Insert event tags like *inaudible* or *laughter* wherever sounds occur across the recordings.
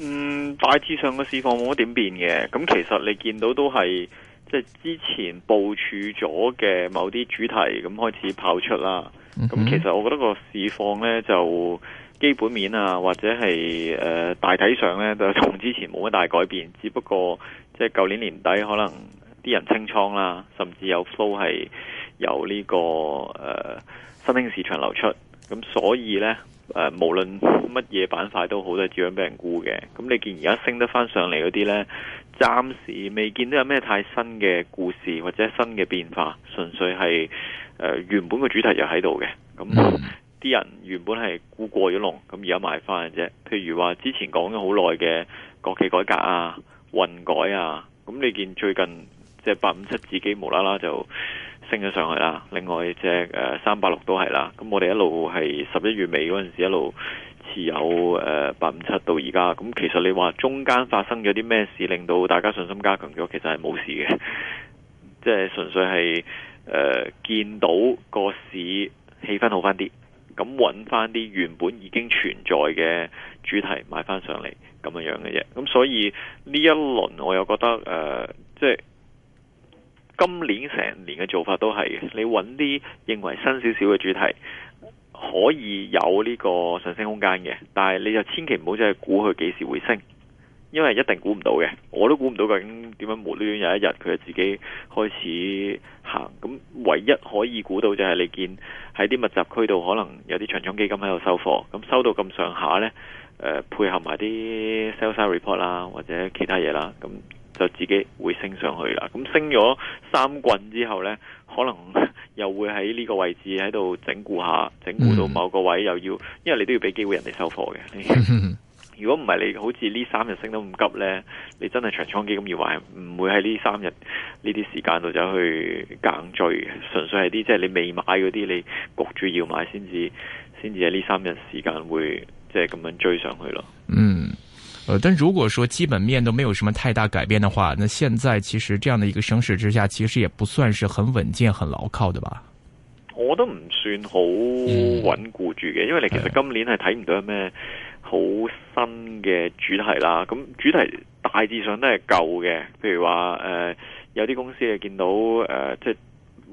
嗯，大致上個市況冇乜點變嘅，咁其實你見到都係即係之前部署咗嘅某啲主題咁開始跑出啦，咁、嗯、哼其實我覺得個市況呢，就基本面啊或者係誒、呃、大體上呢，就同之前冇乜大改變，只不過即係舊年年底可能啲人清倉啦，甚至有 flow 係由呢、這個誒、呃、新興市場流出，咁所以呢。誒，無論乜嘢板塊都好，都係照樣俾人估嘅。咁你見而家升得翻上嚟嗰啲呢，暫時未見到有咩太新嘅故事或者新嘅變化，純粹係原本個主題就喺度嘅。咁啲人原本係估過咗龍，咁而家賣翻嘅啫。譬如話之前講咗好耐嘅國企改革啊、混改啊，咁你見最近即係八五七自己無啦啦就。升咗上去啦，另外隻誒三八六都係啦，咁我哋一路係十一月尾嗰陣時一路持有誒八五七到而家，咁其實你話中間發生咗啲咩事令到大家信心加強咗，其實係冇事嘅，即係純粹係誒見到個市氣氛好翻啲，咁揾翻啲原本已經存在嘅主題買翻上嚟咁樣樣嘅啫。咁所以呢一輪我又覺得誒即係。今年成年嘅做法都係嘅，你揾啲認為新少少嘅主題可以有呢個上升空間嘅，但係你就千祈唔好再估佢幾時會升，因為一定估唔到嘅，我都估唔到究竟點樣無端端有一日佢就自己開始行。咁唯一可以估到就係你見喺啲密集區度可能有啲長倉基金喺度收貨，咁收到咁上下呢、呃，配合埋啲 sales report 啦或者其他嘢啦，咁。就自己會升上去啦。咁、嗯、升咗三棍之後呢，可能又會喺呢個位置喺度整固下，整固到某個位又要，因為你都要俾機會人哋收貨嘅。如果唔係你好似呢三日升得咁急呢，你真係長倉基金要買，唔會喺呢三日呢啲時間度走去硬追，純粹係啲即係你未買嗰啲，你焗住要買先至，先至喺呢三日時間會即係咁樣追上去咯。嗯。但如果說基本面都沒有什麼太大改變的話，那現在其實這樣的一個聲勢之下，其實也不算是很穩健、很牢靠的吧？我都唔算好穩固住嘅，嗯、因為你其實今年係睇唔到咩好新嘅主題啦。咁主題大致上都係舊嘅，譬如話誒、呃、有啲公司係見到誒、呃、即係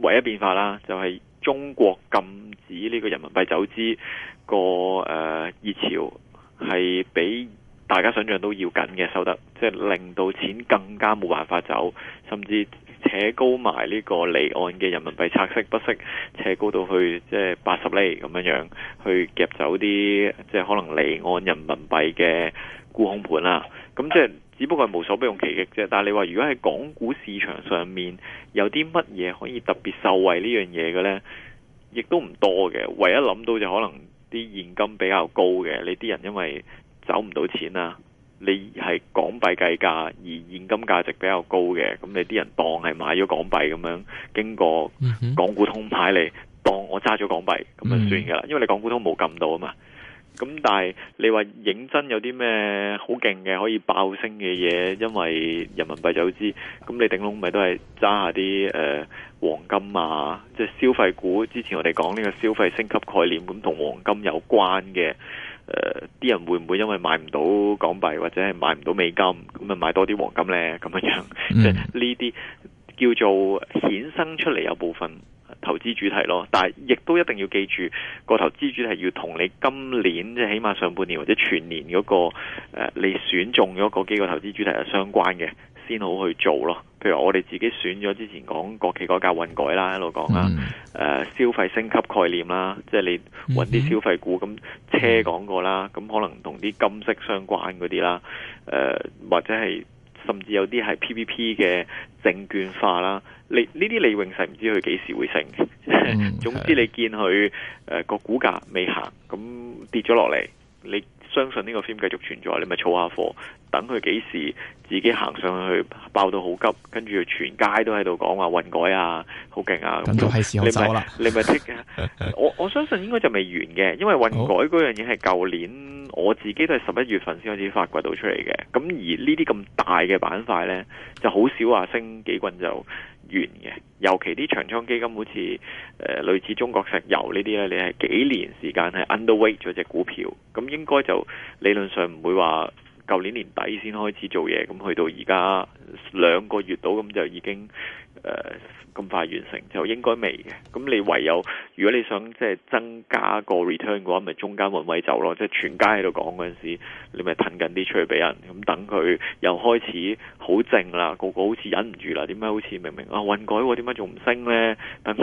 唯一變化啦，就係中國禁止呢個人民幣走資個誒熱潮係比、嗯。大家想像都要緊嘅收得，即係令到錢更加冇辦法走，甚至扯高埋呢個離岸嘅人民幣拆息不息，扯高到去即係八十厘咁樣樣，去夾走啲即係可能離岸人民幣嘅沽空盤啦。咁即係只不過係無所不用其極啫。但係你話如果係港股市場上面有啲乜嘢可以特別受惠呢樣嘢嘅呢，亦都唔多嘅。唯一諗到就可能啲現金比較高嘅你啲人，因為。走唔到錢啦、啊！你係港幣計價，而現金價值比較高嘅，咁你啲人當係買咗港幣咁樣，經過港股通牌嚟當我揸咗港幣咁就算嘅啦。因為你港股通冇禁到啊嘛。咁但係你話認真有啲咩好勁嘅可以爆升嘅嘢，因為人民幣就知，咁你頂籠咪都係揸下啲誒黃金啊，即、就、係、是、消費股。之前我哋講呢個消費升級概念咁，同黃金有關嘅。誒，啲、呃、人會唔會因為買唔到港幣或者係買唔到美金，咁咪買多啲黃金呢？咁樣即係呢啲叫做衍生出嚟有部分投資主題咯。但係亦都一定要記住，個投資主題要同你今年即係起碼上半年或者全年嗰，個誒、呃，你選中咗個幾個投資主題係相關嘅，先好去做咯。譬如我哋自己選咗之前講國企改革混改啦，一路講啦，誒、嗯呃、消費升級概念啦，即係你揾啲消費股咁、嗯、車講過啦，咁、嗯、可能同啲金色相關嗰啲啦，誒、呃、或者係甚至有啲係 p、p、p p 嘅證券化啦，你呢啲你永世唔知佢幾時會升，嗯、 *laughs* 總之你見佢誒的、呃、個股價未行，咁跌咗落嚟你。相信呢個 film 繼續存在，你咪儲下貨，等佢幾時自己行上去爆到好急，跟住全街都喺度講話運改啊，好勁啊！咁就係時候走啦。你咪，你咪即啊！我我相信應該就未完嘅，因為運改樣嘢係舊年。我自己都係十一月份先開始發掘到出嚟嘅，咁而呢啲咁大嘅板塊呢，就好少話升幾棍就完嘅。尤其啲長倉基金好似誒、呃、類似中國石油呢啲呢，你係幾年時間係 underweight 咗隻股票，咁應該就理論上唔會話舊年年底先開始做嘢，咁去到而家兩個月到咁就已經。誒，咁、呃、快完成就應該未嘅，咁你唯有如果你想即係增加個 return 嘅話，咪中間揾位走咯，即係全街喺度講嗰陣時，你咪褪緊啲出去俾人，咁等佢又開始好靜啦，個個好似忍唔住啦，點解好似明明啊運改喎，點解仲唔升呢？咧？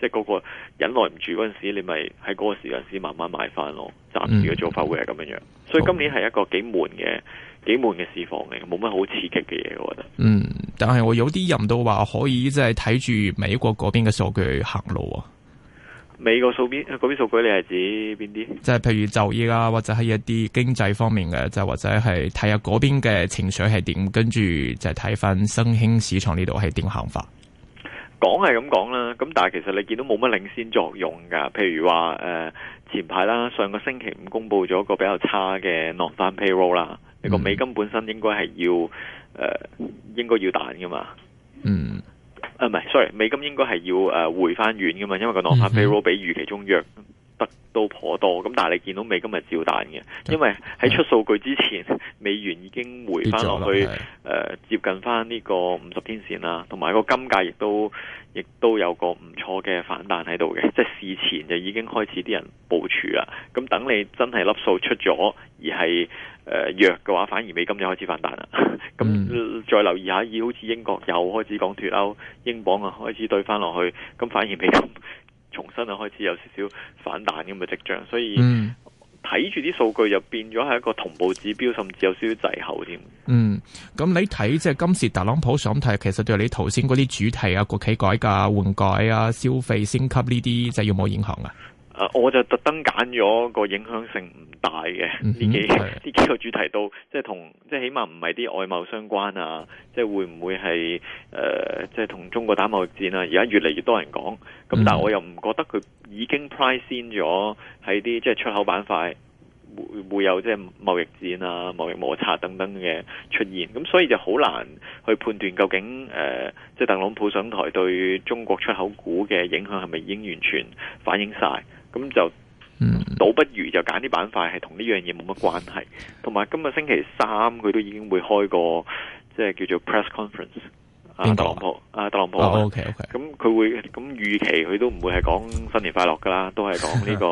即係個個忍耐唔住嗰陣時，你咪喺嗰個時間先慢慢買翻咯，暫時嘅做法會係咁樣樣，mm hmm。所以今年係一個幾悶嘅。幾悶嘅市況嚟，冇乜好刺激嘅嘢，我覺得。嗯，但係我有啲人都話可以即係睇住美國嗰邊嘅數據行路啊。美國數據，嗰邊數據你，你係指邊啲？即係譬如就業啦、啊，或者係一啲經濟方面嘅，就或者係睇下嗰邊嘅情緒係點，跟住就睇翻新興市場呢度係點行法。講係咁講啦，咁但係其實你見到冇乜領先作用噶。譬如話誒、呃，前排啦，上個星期五公布咗一個比較差嘅 Non-Farm Payroll 啦。你個美金本身應該係要，誒、呃、應該要彈嘅嘛。嗯，啊唔係，sorry，美金應該係要誒、呃、回翻軟嘅嘛，因為個攞翻 p 比預期中弱得都頗多。咁、嗯、哼但係你見到美金係照彈嘅，對因為喺出數據之前，嗯、美元已經回翻落去，誒、就是呃、接近翻呢個五十天線啦，同埋個金價亦都亦都有個唔錯嘅反彈喺度嘅，即、就、係、是、事前就已經開始啲人部署啦。咁等你真係粒數出咗而係。誒、呃，弱嘅話反而美金又開始反彈啦。咁 *laughs* 再留意下，以好似英國又開始講脫歐，英鎊啊開始對返落去，咁反而美金重新啊開始有少少反彈咁嘅跡象。所以睇住啲數據又變咗係一個同步指標，甚至有少少滯後添。嗯，咁你睇即係今次特朗普想提，其實對你頭先嗰啲主題啊，國企改革、換改啊、消費升級呢啲，即係、就是、有冇影響啊？誒，uh，我就特登揀咗個影響性唔大嘅呢幾呢 *laughs* 幾個主題都，都即係同即係起碼唔係啲外貿相關啊。即係會唔會係誒、呃，即係同中國打貿易戰啊？而家越嚟越多人講。咁但係我又唔覺得佢已經 price in 咗喺啲即係出口板塊會會有即係貿易戰啊、貿易摩、啊、擦等等嘅出現。咁所以就好難去判斷究竟誒、呃，即係特朗普上台對中國出口股嘅影響係咪已經完全反映晒。咁就倒不如就揀啲板塊係同呢樣嘢冇乜關係，同埋今日星期三佢都已經會開個即係叫做 press conference，個啊特朗普，啊特朗普，OK，OK，咁佢會咁預期佢都唔會係講新年快樂噶啦，都係講呢個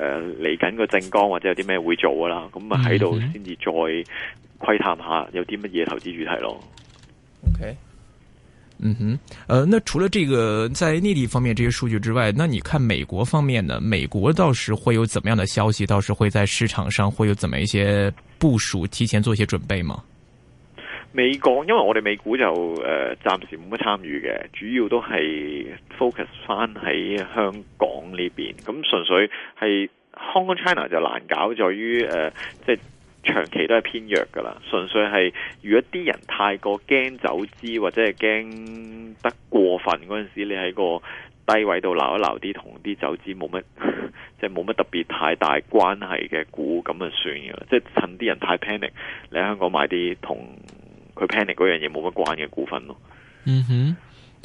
誒嚟緊個政綱或者有啲咩會做噶啦，咁啊喺度先至再窺探下有啲乜嘢投資主題咯。Okay. 嗯哼，呃，那除了這個在內地方面這些數據之外，那你看美國方面呢？美國到時會有怎麼樣的消息？到時會在市場上會有怎麼樣一些部署？提前做一些準備嗎？美國，因為我哋美股就誒、呃、暫時冇乜參與嘅，主要都係 focus 翻喺香港呢邊。咁純粹係 Hong Kong China 就難搞，在於誒即係。呃就是長期都係偏弱噶啦，純粹係如果啲人太過驚走資或者係驚得過分嗰陣時，你喺個低位度撈一撈啲同啲走資冇乜 *laughs* 即係冇乜特別太大關係嘅股咁就算嘅啦，即係趁啲人太 panic 你喺香港買啲同佢 panic 嗰樣嘢冇乜關嘅股份咯。嗯哼、mm。Hmm.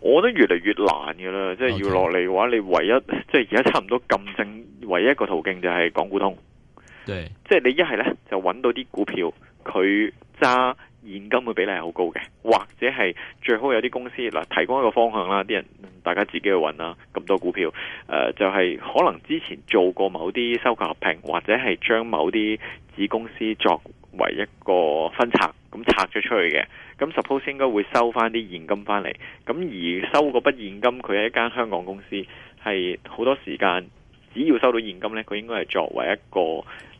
我覺得越嚟越難嘅啦，即係要落嚟嘅話，Okay. 你唯一即係而家差唔多禁正唯一一個途徑就係港股通。對即係你一係呢，就揾到啲股票，佢揸。現金嘅比例係好高嘅，或者係最好有啲公司嗱提供一個方向啦，啲人大家自己去揾啦。咁多股票，誒、呃、就係、是、可能之前做過某啲收購合併，或者係將某啲子公司作為一個分拆，咁拆咗出去嘅，咁 suppose 應該會收翻啲現金翻嚟。咁而收嗰筆現金，佢係一間香港公司，係好多時間。只要收到現金咧，佢應該係作為一個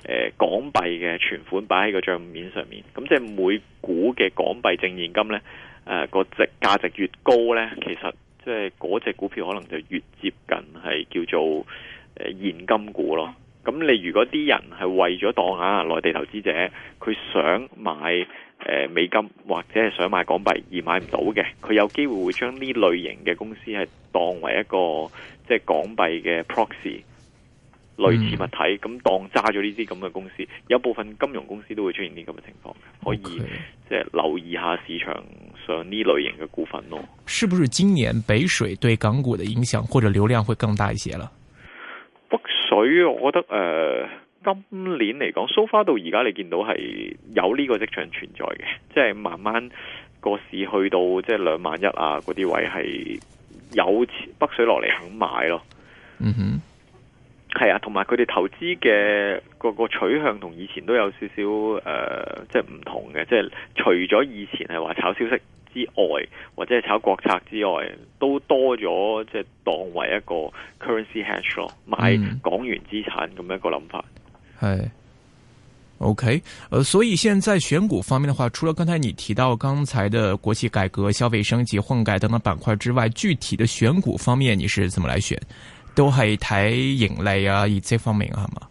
誒港幣嘅存款擺喺個帳面上面。咁即係每股嘅港幣淨現金咧，誒個值價值越高咧，其實即係嗰隻股票可能就越接近係叫做誒現金股咯。咁你如果啲人係為咗當啊，內地投資者佢想買誒美金或者係想買港幣而買唔到嘅，佢有機會會將呢類型嘅公司係當為一個即係港幣嘅 proxy。類似物體咁，當揸咗呢啲咁嘅公司，有部分金融公司都會出現啲咁嘅情況嘅，可以即係留意下市場上呢類型嘅股份咯。是不是今年北水對港股嘅影響或者流量會更大一些了？是是北水，我覺得誒，今年嚟講，So far 到而家你見到係有呢個跡象存在嘅，即係慢慢個市去到即係兩萬一啊嗰啲位係有北水落嚟肯買咯。嗯哼。係啊，同埋佢哋投資嘅各個取向同以前都有少少誒、呃，即係唔同嘅。即係除咗以前係話炒消息之外，或者係炒國策之外，都多咗即係當為一個 currency hedge 咯，買港元資產咁樣一個諗法。係、嗯嗯、，OK，誒、呃，所以現在選股方面嘅話，除了剛才你提到剛才嘅國企改革、消費升級、混改等等板塊之外，具體嘅選股方面，你是怎麼來選？都係睇盈利啊、業績方面啊，係嘛？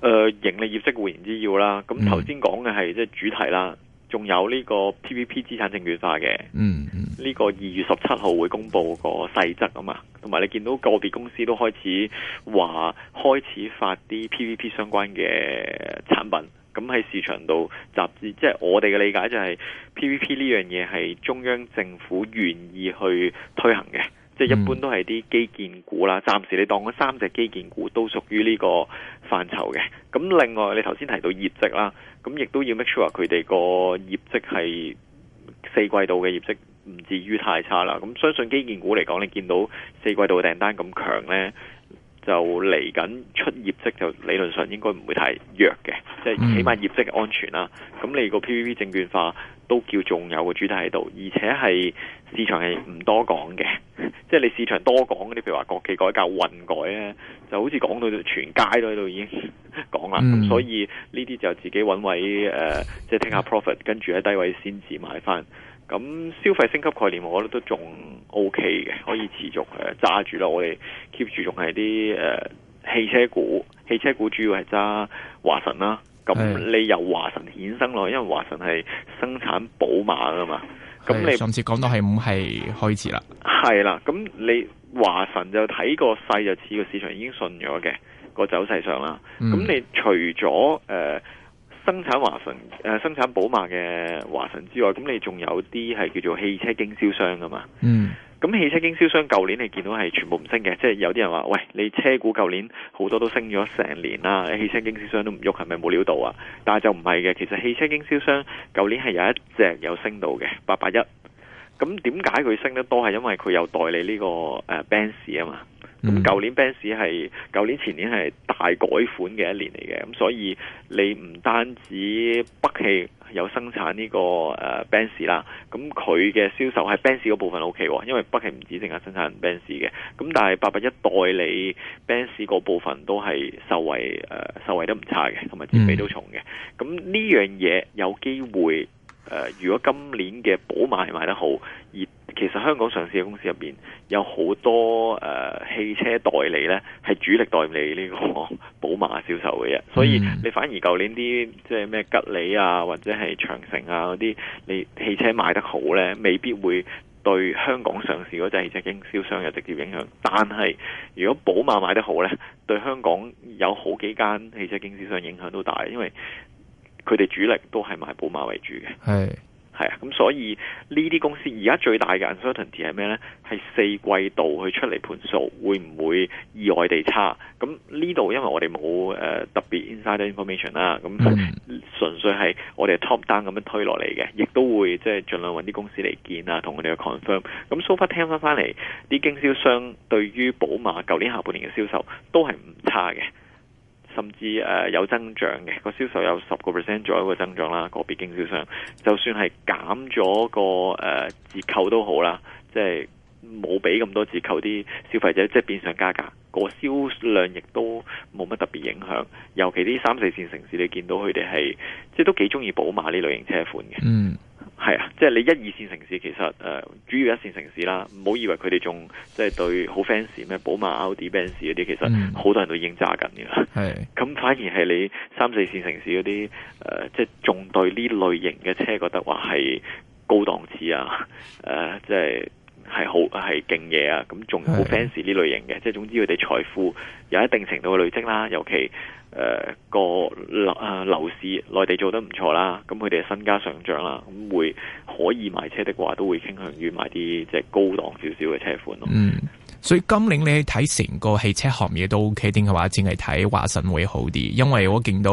誒、呃，盈利、業績固然之要啦。咁頭先講嘅係即係主題啦，仲有呢個 PVP 資產證券化嘅、嗯。嗯，呢個二月十七號會公布個細則啊嘛，同埋你見到個別公司都開始話開始發啲 PVP 相關嘅產品。咁喺市場度集資，即係我哋嘅理解就係 PVP 呢樣嘢係中央政府願意去推行嘅。嗯、即係一般都係啲基建股啦，暫時你當嗰三隻基建股都屬於呢個範疇嘅。咁另外，你頭先提到業績啦，咁亦都要 make sure 佢哋個業績係四季度嘅業績唔至於太差啦。咁相信基建股嚟講，你見到四季度嘅訂單咁強呢，就嚟緊出業績，就理論上應該唔會太弱嘅，即係起碼業績安全啦。咁你個 P V P 證券化都叫仲有個主題喺度，而且係市場係唔多講嘅，即係你市場多講嗰啲，譬如話國企改革、混改咧，就好似講到全街都喺度已經講啦。咁所以呢啲就自己揾位誒，即係聽下 profit，跟住喺低位先至買翻。咁消費升級概念，我覺得都仲 O K 嘅，可以持續誒揸住咯。我哋 keep 住仲係啲誒汽車股，汽車股主要係揸華晨啦。咁你由華晨衍生咯，因為華晨係生產寶馬噶嘛。咁是你上次講到係唔係開始啦？係啦，咁你華晨就睇個勢就似個市場已經順咗嘅個走勢上啦。咁、嗯、你除咗誒。呃生產華晨，誒、呃、生產寶馬嘅華晨之外，咁你仲有啲係叫做汽車經銷商噶嘛？嗯，咁汽車經銷商舊年你見到係全部唔升嘅，即係有啲人話：「喂，你車股舊年好多都升咗成年啦，汽車經銷商都唔喐，係咪冇料到啊？但係就唔係嘅，其實汽車經銷商舊年係有一隻有升到嘅八八一。咁點解佢升得多係因為佢有代理呢、這個誒、呃、Benz 啊嘛？咁舊、嗯、年 Benz 係舊年前年係大改款嘅一年嚟嘅，咁所以你唔單止北汽有生產呢個誒 Benz 啦，咁佢嘅銷售係 Benz 嗰部分 OK 喎、哦，因為北汽唔止淨係生產 Benz 嘅，咁但係八百一代理 Benz 嗰部分都係受惠誒、呃、受惠得唔差嘅，同埋佔比都重嘅，咁呢、嗯、樣嘢有機會誒、呃，如果今年嘅寶馬係賣得好而。其實香港上市嘅公司入邊有好多誒、呃、汽車代理呢，係主力代理呢個寶馬銷售嘅，所以你反而舊年啲即係咩吉利啊，或者係長城啊嗰啲，你汽車賣得好呢，未必會對香港上市嗰啲汽車經銷商有直接影響。但係如果寶馬賣得好呢，對香港有好幾間汽車經銷商影響都大，因為佢哋主力都係賣寶馬為主嘅。係。係啊，咁所以呢啲公司而家最大嘅 uncertainty 係咩呢？係四季度去出嚟盤數，會唔會意外地差？咁呢度因為我哋冇誒特別 inside information 啦，咁純粹係我哋 top down 咁樣推落嚟嘅，亦都會即係盡量揾啲公司嚟見啊，同我哋去 confirm。咁 so far，聽翻翻嚟，啲經銷商對於寶馬舊年下半年嘅銷售都係唔差嘅。甚至誒、uh, 有增長嘅個銷售有十個 percent 左右個增長啦，個別經銷商就算係減咗個誒折、uh, 扣都好啦，即係冇俾咁多折扣啲消費者，即係變相加價，個銷量亦都冇乜特別影響。尤其啲三四線城市，你見到佢哋係即係都幾中意寶馬呢類型車款嘅。嗯。係啊，即係你一二線城市，其實誒、呃，主要一線城市啦，唔好以為佢哋仲即係對好 fancy 咩，寶馬、奧迪、奔馳嗰啲，其實好多人都已經揸緊嘅啦。係、嗯，咁 *laughs* 反而係你三四線城市嗰啲誒，即係仲對呢類型嘅車覺得話係高檔次啊，誒、呃，即係。係好係勁嘢啊！咁仲好 fans 呢類型嘅，即係的總之佢哋財富有一定程度嘅累積啦。尤其誒、呃、個樓誒樓市內地做得唔錯啦，咁佢哋身家上漲啦，咁會可以買車的話，都會傾向於買啲即係高檔少少嘅車款咯。嗯。所以今年你睇成個汽車行業都 O K，定係話，淨係睇華晨會好啲。因為我見到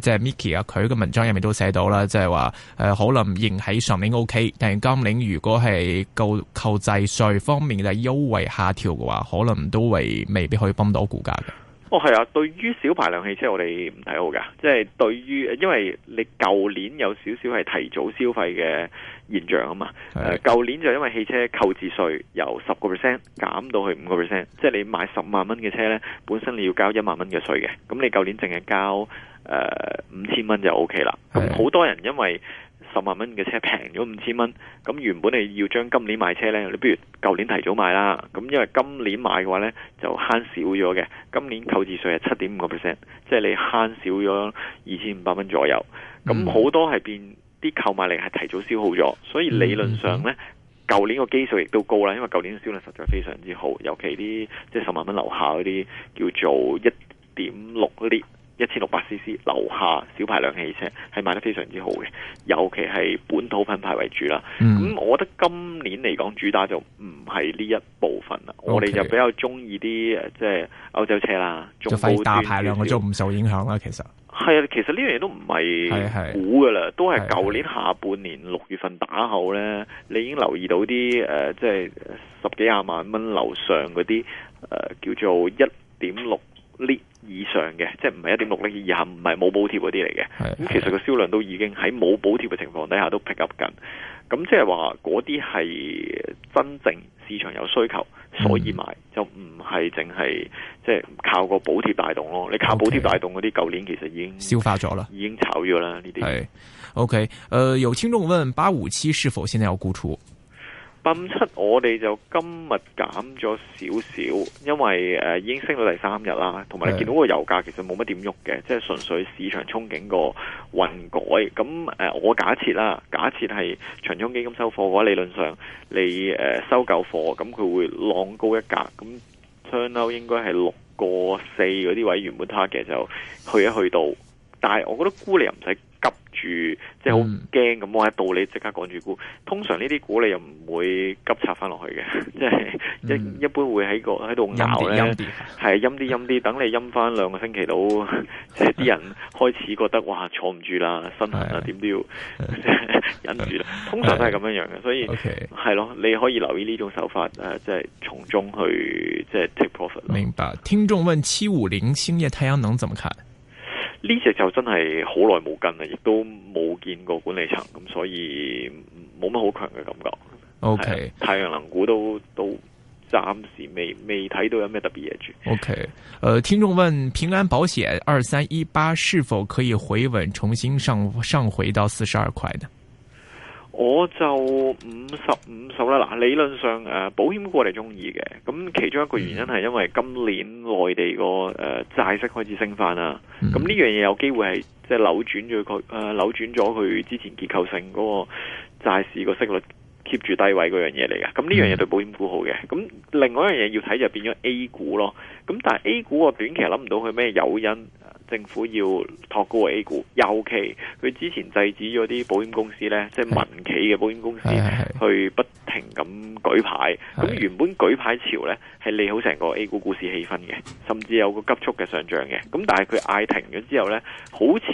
即係 Micky 啊，佢嘅文章入面都寫到啦，即係話誒，可能仍喺上面 O K，但係今年如果係購購置稅方面嘅優惠下調嘅話，可能都係未必可以幫到股價嘅。哦，係啊，對於小排量汽車我哋唔睇好嘅，即係，對於，因為你舊年有少少係提早消費嘅。現象啊嘛，誒舊年就因為汽車購置稅由十個 percent 減到去五個 percent，即係你買十萬蚊嘅車呢，本身你要交一萬蚊嘅稅嘅，咁你舊年淨係交誒五千蚊就 O K 啦。咁好的多人因為十萬蚊嘅車平咗五千蚊，咁原本你要將今年買車呢，你不如舊年提早買啦。咁因為今年買嘅話呢，就慳少咗嘅。今年購置稅係七點五個 percent，即係你慳少咗二千五百蚊左右。咁好多係變。嗯啲購買力係提早消耗咗，所以理論上呢，舊、嗯、哼年個基數亦都高啦，因為舊年銷量實在非常之好，尤其啲即係十萬蚊樓下嗰啲叫做一點六 lit 一千六百 cc 樓下小排量汽車係賣得非常之好嘅，尤其係本土品牌為主啦。咁、嗯、我覺得今年嚟講主打就唔係呢一部分啦，Okay. 我哋就比較鍾意啲即係歐洲車啦，就費大排量嘅都唔受影響啦，其實。係啊，其實呢樣嘢都唔係估噶啦，的都係舊年下半年六月份打後咧，的你已經留意到啲誒、呃，即係十幾廿萬蚊樓上嗰啲誒，叫做一點六 L 以上嘅，即係唔係一點六 L 以下，唔係冇補貼嗰啲嚟嘅。咁的其實個銷量都已經喺冇補貼嘅情況底下都 pick up 緊，咁即係話嗰啲係真正市場有需求。所以買就唔係淨係即係靠個補貼帶動咯，你靠補貼帶動嗰啲，舊年其實已經消化咗啦，已經炒咗啦呢啲。係，OK，誒、呃，有聽眾問八五七是否現在要沽出？百分之七，我哋就今日減咗少少，因為誒已經升到第三日啦，同埋你見到個油價其實冇乜點喐嘅，即係純粹市場憧憬個運改。咁誒，我假設啦，假設係長倉基金收貨嘅話，理論上你誒收夠貨，咁佢會浪高一格。咁雙優應該係六個四嗰啲位，原本 target 就去一去到，但係我覺得沽你唔使。急住，即係好驚咁，我喺度你即刻趕住沽，通常呢啲股你又唔會急插翻落去嘅，即係一一般會喺個喺度咬咧，係陰啲陰啲。等你陰翻兩個星期到，即係啲人開始覺得哇坐唔住啦，身痕啊點都要忍住。通常都係咁樣樣嘅，所以係咯，你可以留意呢種手法，誒，即係從中去即係 take profit。明白。聽眾問：七五零興業太陽能怎麼看？呢隻就真係好耐冇跟啦，亦都冇見過管理層，咁所以冇乜好強嘅感覺。OK，太陽能股都都暫時未未睇到有咩特別嘢。OK，呃，聽眾問平安保險二三一八是否可以回穩，重新上上回到四十二塊呢？我就五十五十啦。嗱，理論上誒保險股我哋中意嘅，咁其中一個原因係因為今年內地個誒、呃、債息開始升翻啦。咁呢、嗯、樣嘢有機會係即係扭轉咗佢誒扭轉咗佢之前結構性嗰個債市個息率 keep 住低位嗰樣嘢嚟嘅。咁呢樣嘢對保險股好嘅。咁另外一樣嘢要睇就變咗 A 股咯。咁但係 A 股個短期諗唔到佢咩誘因。政府要托高 A 股，尤其佢之前制止咗啲保險公司咧，是即係民企嘅保險公司是去不停咁舉牌。咁是原本舉牌潮咧係利好成個 A 股股市氣氛嘅，甚至有個急速嘅上漲嘅。咁但係佢嗌停咗之後咧，好似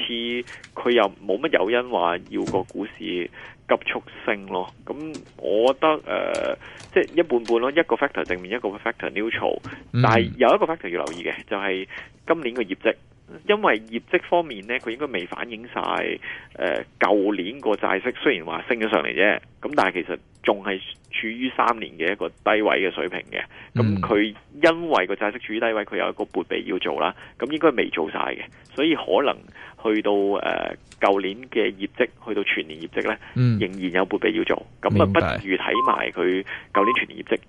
佢又冇乜誘因話要個股市急速升咯。咁我覺得誒、呃，即係一半半咯，一個 factor 正面，一個 factor neutral。但係有一個 factor 要留意嘅就係、是。今年嘅業績，因為業績方面呢，佢應該未反映晒誒，舊、呃、年個債息雖然話升咗上嚟啫，咁但係其實仲係處於三年嘅一個低位嘅水平嘅。咁佢、嗯、因為個債息處於低位，佢有一個撥備要做啦。咁應該未做晒嘅，所以可能去到誒舊、呃、年嘅業績，去到全年業績呢，嗯、仍然有撥備要做。咁啊，明白，不如睇埋佢舊年全年業績。